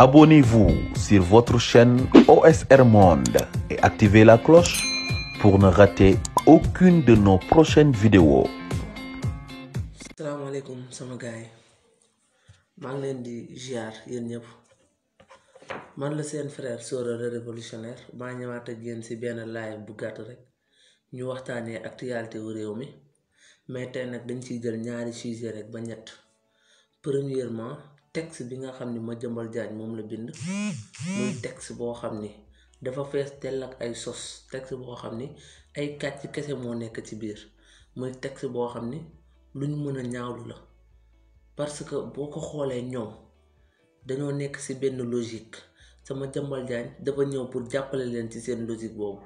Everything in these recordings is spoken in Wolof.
Abonnez-vous sur votre chaîne OSR Monde et activez la cloche pour ne rater aucune de nos prochaines vidéos. salaamaaleykum sama gars maa ngi leen di ziar yéen ñëpp man la seen frère Sora le révolutionnaire maa ñëwaat ak yéen ci benn live bu gàtt rek ñu waxtaanee actualité wu réew mi mais tey nag dañ ciy jël ñaari sujet rek ba ñett texte bi nga xam ni Madiambal Diagne moom la bind muy texte boo xam ni dafa fees tell ak ay sos tex boo xam ni ay kàcc kese moo nekk ci biir muy tex boo xam ni lu ñu mën a ñaawlu la parce que boo ko xoolee ñoom dañoo nekk ci benn logique sama Madiambal Diagne dafa ñëw pour jàppale leen ci seen logique boobu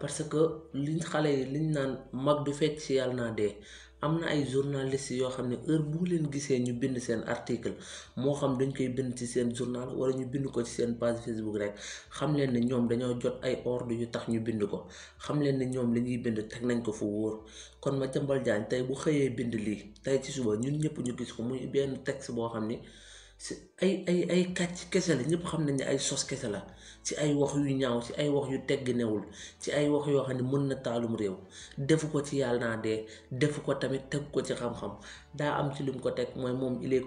parce que liñ xale yi liñ naan mag du fecc ci yàlla naa dee am na ay journaliste yoo xam ne heure bu leen gisee ñu bind seen article moo xam dañ koy bind ci seen journal wala ñu bind ko ci seen page Facebook rek xam leen ne ñoom dañoo jot ay ordre yu tax ñu bind ko xam leen ne ñoom li ñuy bind teg nañ ko fu wóor kon ma jëmbal Diagne tey bu xëyee bind lii tey ci suba ñun ñëpp ñu gis ko muy benn texte boo xam ni si ay ay ay kàcc kese la ñépp xam nañ ne ay sos kese la ci ay wax yu ñaaw ci ay wax yu tegg newul ci ay wax yoo xam ne mën na taalum réew defu ko ci yàlla naa dee defu ko tamit tegu ko ci xam-xam daa am ci lim ko teg mooy moom il est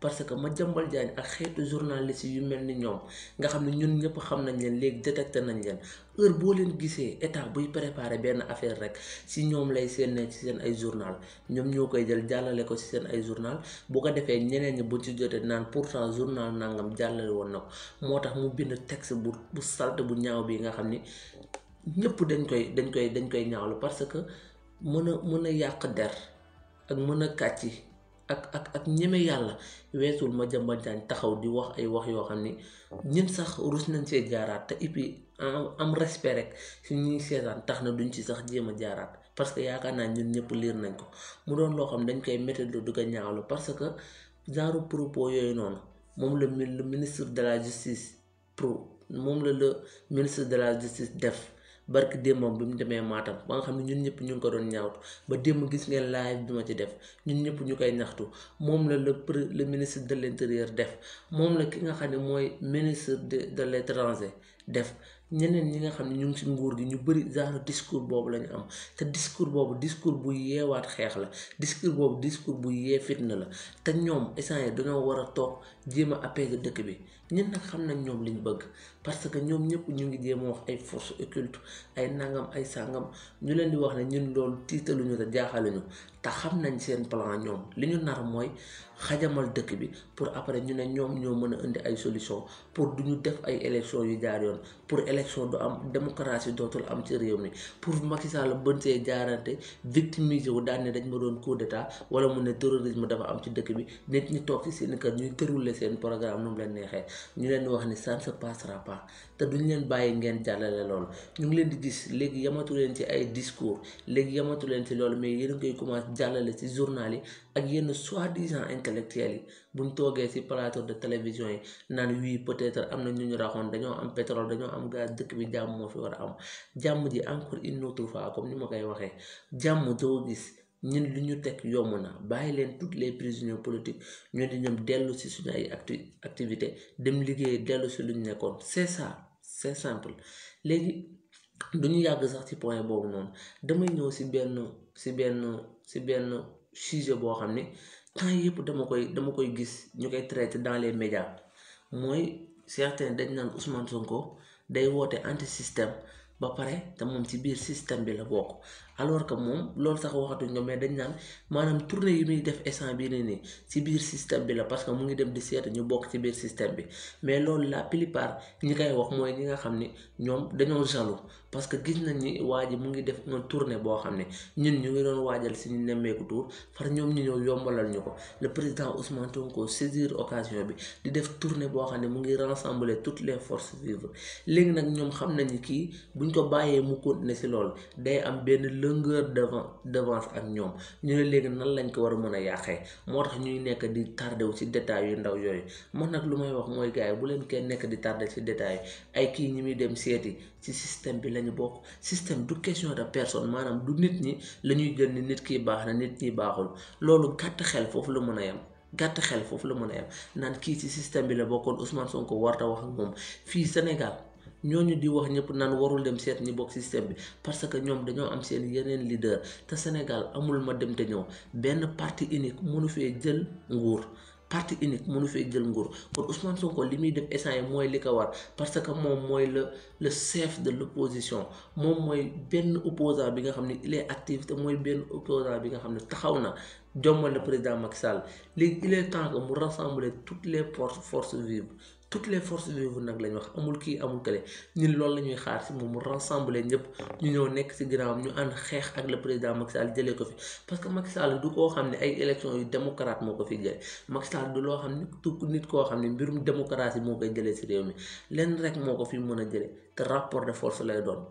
parce que ma Madiambal Diagne ak xeetu journaliste yu mel ni ñoom nga xam ne ñun ñëpp xam nañ leen léegi détecté nañ leen heure boo leen gisee état buy préparé benn affaire rek si ñoom lay seen seen ay journal ñoom ñoo koy jël jàllale ko si seen ay journal bu ko defee ñeneen ñi buñ ci jotee naan pourtant journal nangam jàllale woon na moo tax mu bind texte bu bu salte bu ñaaw bi nga xam ni ñëpp dañ koy dañ koy dañ koy ñaawlu parce que mën a mën a yàq der ak mën a kàcc ak ak ak ñeme yàlla weesul ma jàmbal jaañ taxaw di wax ay wax yoo xam ni ñun sax rus nañ see jaaraat te et am respect rek si ñuy seetaan tax na duñ ci sax jéem a jaaraat parce que yaakaar naa ñun ñëpp liir nañ ko mu doon loo xam dañ koy méttilu du ko ñaawlu parce que genre propos yooyu noonu moom la le ministre de la justice pro moom la le ministre de la justice def. barki démboom bi mu demee maatam ba nga xam ne ñun ñëpp ñu ngi ko doon ñaawtu ba démb gis ngeen live bi ma ci def ñun ñëpp ñu koy ñaxtu moom la le le ministre de l' def moom la ki nga xam ne mooy ministre de de l' étranger def ñeneen ñi nga xam ne ñu ngi si nguur gi ñu bëri genre discours boobu lañu am te discours boobu discours bu yeewaat xeex la discours boobu discours bu yee fitna la te ñoom instant yi dañoo war a toog jéem a apaiser dëkk bi ñun nag xam nañ ñoom liñ bëgg parce que ñoom ñëpp ñu ngi jéem a wax ay force occulte ay nangam ay sàngam ñu leen di wax ne ñun loolu tiitaluñu te jaaxaluñu te xam nañ seen plan ñoom li ñu nar mooy xajamal dëkk bi pour après ñu ne ñoom ñoo mën a indi ay solution pour du ñu def ay élection yu jaar yoon pour élection du am démocratie dootul am ci réew mi pour Macky Sall bën see jaarante victimisé wu daan ne dañ ma doon coup d'état wala mu ne terrorisme dafa am ci dëkk bi nit ñi toog ci seen kër ñuy tërule seen programme nu mu leen neexee ñu leen wax ni ça ne se passera pas te duñ leen bàyyi ngeen jàllale loolu ñu ngi leen di gis léegi yamatu leen ci ay discours léegi yamatu leen ci loolu mais yéen a ngi koy jàllale ci journal yi ak yenn soi-disant intellectuels yi buñ toogee ci plateau de télévision yi naan wii peut-être am na ñu ñu raxoon dañoo am pétrole dañoo am gaz dëkk bi jàmm moo fi war a am jàmm ji encore une autre fois comme ni ma koy waxee jàmm doo gis. ñun lu ñu teg yomb na bàyyi leen toutes les prisonniers politiques ñu di ñoom dellu si suñu ay acti activité dem liggéey dellu si lu ñu nekkoon c'est ça c'est simple léegi du ñu yàgg sax ci point boobu noonu damay ñëw si benn si benn si benn sujet boo xam ne temps yëpp dama koy dama koy gis ñu koy traité dans les médias mooy certains dañ naan Ousmane Sonko day woote anti système ba pare te moom ci biir système bi la bokk alors que moom loolu sax waxatuñ ko mais dañ naan maanaam tournée yi muy def instant bii nii ci biir système bi la parce que mu ngi dem di seet ñu bokk ci biir système bi mais loolu la plupart ñi koy wax mooy ñi nga xam ni ñoom dañoo jaloux parce que gis nañ ni waa ji mu ngi def une tournée boo xam ne ñun ñu ngi doon waajal suñu nemmeeku tour far ñoom ñu ñëw yombalal ñu ko le président Ousmane Sonko saisir occasion bi di def tournée boo xam ne mu ngi rassembler toutes les forces ko bàyyee mu continuer si loolu day am benn longueur devant devance ak ñoom ñu ne léegi nan lañ ko war a mën a yàqee moo tax ñuy nekk di tardé wu si détails yu ndaw yooyu man nag lu may wax mooy gars yi bu leen kenn nekk di tardé si détails ay kii ñi muy dem seeti ci système bi lañu bokk système du question de personne maanaam du nit ñi la ñuy jël ni nit kii baax na nit ñi baaxul loolu gàtt xel foofu la mën a yem. gàtt xel foofu la mën a yem naan kii ci système bi la bokkoon Ousmane Sonko warta wax ak moom fii Sénégal. ñooñu di wax ñëpp naan warul dem seet ñi bokk système bi parce que ñoom dañoo am seen yeneen leader te Sénégal amul ma dem te ñoo benn parti unique mënu fee jël nguur. parti unique mënu fee jël nguur kon Ousmane Sonko li muy def essence mooy li ko war parce que moom mooy le le chef de l'opposition moom mooy benn opposant bi nga xam ne il est mooy benn opposant bi nga xam ne taxaw na jommal le président Macky Sall léegi il temps mu rassembler toutes les forces forces toutes les forces vives nag lañ wax amul kii amul kële ñun loolu la ñuy xaar si moom mu rassembler ñëpp ñu ñëw nekk si am ñu ànd xeex ak la président Macky Sall jëlee ko fi parce que Macky du koo xam ne ay élections yu démocrate moo ko fi jëlee Macky du loo xam ne tu nit koo xam ne mbirum démocratie moo koy jëlee si réew mi lenn rek moo ko fi mën a jëlee te rapport de force lay doon.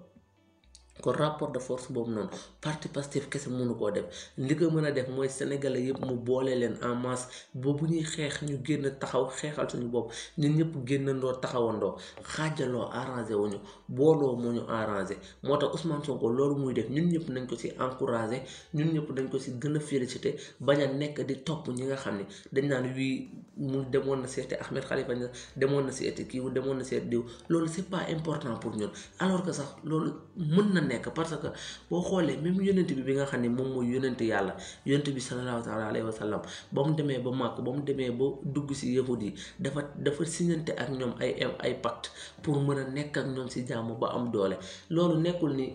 kon rapport de force boobu noonu parti Pastef kese mënu koo def li ko mën a def mooy sénégalais yëpp mu boole leen en masse boobu ñuy xeex ñu génn taxaw xeexal suñu bopp ñun ñëpp génnandoo taxawandoo xaajaloo arrangé wuñu booloo moo ñu arrangé moo tax Ousmane Sonko loolu muy def ñun ñëpp nañ ko si encouragé ñun ñëpp dañ ko si gën a félicité bañ a nekk di topp ñi nga xam ne dañ naan wii mu demoon na seeti Ahmed Khalifa Niass demoon na seeti kiiw demoon na seeti diw loolu c'est pour ñun nekk parce que boo xoolee même yonent bi bi nga xam ne moom mooy yonent yàlla yonent bi sallallahu taala alayhi wa sallam ba mu demee ba màkk ba mu demee ba dugg si yahud yi dafa dafa signante ak ñoom ay ay pacte pour mën a nekk ak ñoom si jàmm ba am doole loolu nekkul ni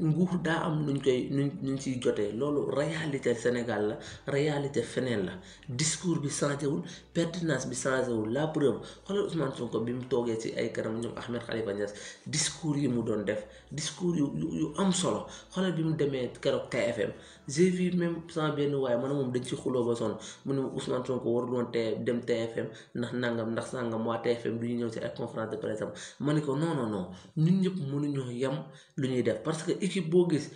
nguur daa am nuñ koy nuñ nuñ ciy jotee loolu réalité Sénégal la réalité feneen la discours bi changé wul pertinence bi changé wul la preuve xoolal Ousmane bi mu toogee ci ay kanam ñoom Ahmed Khalifa Niass discours yi mu doon def discours yu yu am solo xoolal bi mu demee keroog TFM j'ai vu même sans benn waaye man moom dañ ci xuloo ba sonn mu ne Ousmane Sonko warul woon te dem TFM ndax nangam ndax sangam waa TFM du ñu ñëw si ay conférence de presse am ma ne ko non non non ñun ñëpp mënuñoo yem lu ñuy def parce que équipe boo gis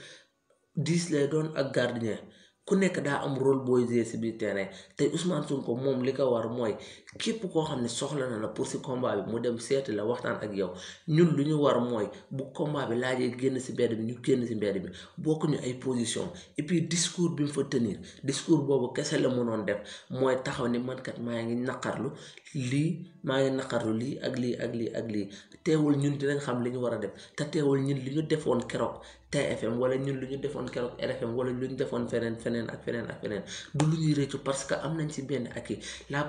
dix lay doon ak gardien ku nekk daa am rôle booy jouer si biir terrain te Ousmane Sonko moom li ko war mooy képp koo xam ne soxla na la pour si combat bi mu dem seeti la waxtaan ak yow ñun lu ñu war mooy bu combat bi laajee génn si mbedd bi ñu génn si mbedd bi bokkuñu ay position et puis discours bi mu fa tenir discours boobu kese la mënoon def mooy taxaw ni mankat maa ngi naqarlu lii maa ngi naqarlu lii ak lii ak lii ak lii teewul ñun dinañ xam li ñu war a def te teewul ñun li ñu defoon keroog TFM wala ñun lu ñu defoon keroog RFM wala lu ñu defoon feneen feneen ak feneen ak parce que am nañ si benn ak la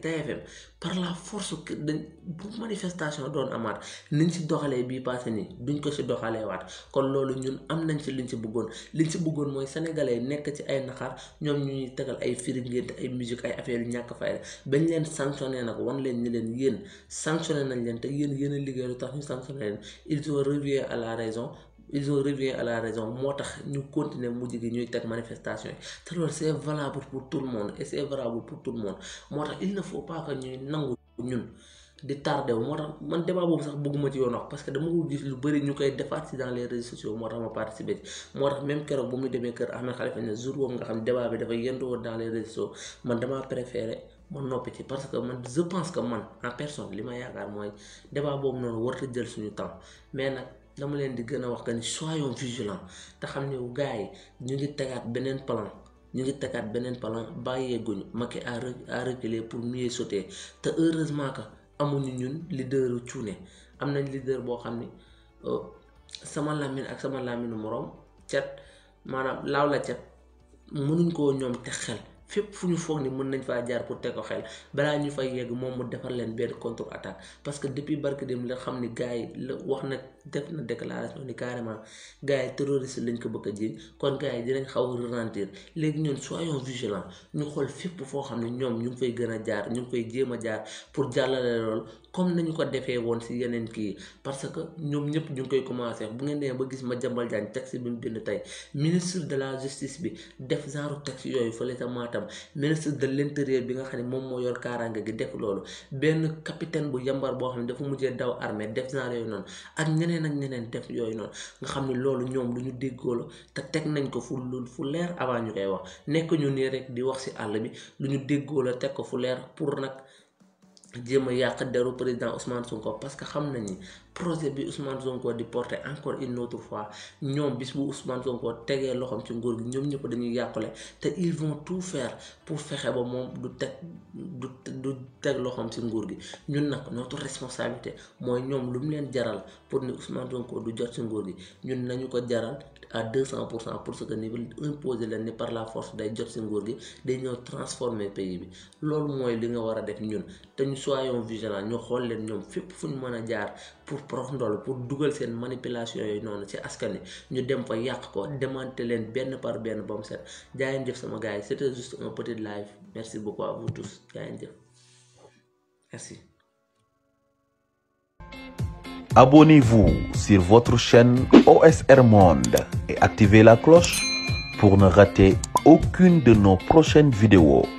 TFM par la force que dañ bu manifestation doon amaat ni ñu si doxalee bii passé nii duñ ko si doxalee waat kon loolu ñun am nañ ci liñ ci bëggoon liñ si bëggoon mooy sénégalais nekk ci ay naxar ñoom ñuy tegal ay firi ngénte ay musique ay affaire yu ñàkk fayda bañ leen sanctionné nag wan leen ñi leen yéen sanctionné nañ leen te yéen yéen liggéey lu tax ñu sanctionné leen ils ont revié à la raison ils ont revenu à la raison moo tax ñu continuer mujj gi ñuy teg manifestation yi te loolu c' est pour tout le monde et c' est valable pour tout le monde moo tax il ne faut pas que ñuy nangu ñun di tardé wu moo tax man débat boobu sax bëgguma ci yoon wax parce que dama ko gis lu bëri ñu koy defaat si dans les réseaux sociaux moo tax ma participé ci moo tax même keroog bu mu demee kër Ahmed Khalifa ne jour boobu nga xam débat bi dafa yëndu woon dans les réseaux sociaux man damaa ma noppi ci parce que man je que man en li ma yaakaar mooy débat boobu noonu warta jël suñu temps mais nag. dama leen di gën a wax que ni soyons te xam ne gars yi ñu ngi tegaat beneen plan ñu ngi tegaat beneen plan bàyyeeguñu Macky à reculer pour mieux sauter te heureusement que amuñu ñun leaderu cuune am nañ leader boo xam ni euh, sama làmmiñ ak sama làmminu moroom cet maanaam laaw la cet mënuñ koo ñoom te xel fépp fu ñu foog ni mën nañ faa jaar pour teg ko xel balaa ñu fa yegg moom mu defar leen benn contre attaque parce que depuis barke wax na def na déclaration ni carrément gars yi terroriste lañ ko bëgg a jiiñ kon gars yi dinañ xaw a ralentir léegi ñun soyons vigilants ñu xool fépp foo xam ne ñoom ñu ngi fay gën a jaar ñu ngi koy jéem a jaar pour jàllale lool comme nañu ko defee woon si yeneen kii parce que ñoom ñëpp ñu ngi koy commencé bu ngeen nee ba gis ma jambal jaan texte bi mu bind tey ministre de la justice bi def genre texte yooyu fële ca Matam ministre de l' intérieur bi nga xam ne moom moo yor kaaraange gi def loolu benn capitaine bu yambar boo xam ne dafa mujjee daw armee def genre yooyu noonu ak ñeneen ñeneen ak ñeneen def yooyu noonu nga xam ne loolu ñoom lu ñu déggoo la te teg nañ ko fu lu fu leer avant ñu koy wax nekk ñu nii rek di wax ci àll bi lu ñu déggoo la teg ko fu leer pour nag jéem a yàq deru président Ousmane Sonko parce que xam na ñi projet bi Ousmane Sonko di porter encore une autre fois ñoom bis bu Ousmane Sonko tegee loxoom ci nguur gi ñoom ñëpp dañuy yàqule te il vont tout faire pour fexe ba moom du teg du du teg loxoom ci nguur gi ñun nag notre responsabilité mooy ñoom lu mu leen jaral pour ni Ousmane Sonko du jot ci nguur gi ñun nañu ko jaral à deux cent pour cent pour ce que ni imposé leen ni par la force day jot ci nguur gi day ñëw transformer pays bi loolu mooy li nga war a def ñun. te ñu soyons vigilants ñu xool leen ñoom fépp fu ñu mën a jaar pour prox ndoll pour dugal seen manipulation yooyu noonu ci askan ñu dem fa yàq ko demante leen benn par benn ba mu set jaayeen jëf sama gars yi c'était juste un petit live merci beaucoup à vous tous jaayeen jëf la cloche pour ne rater aucune de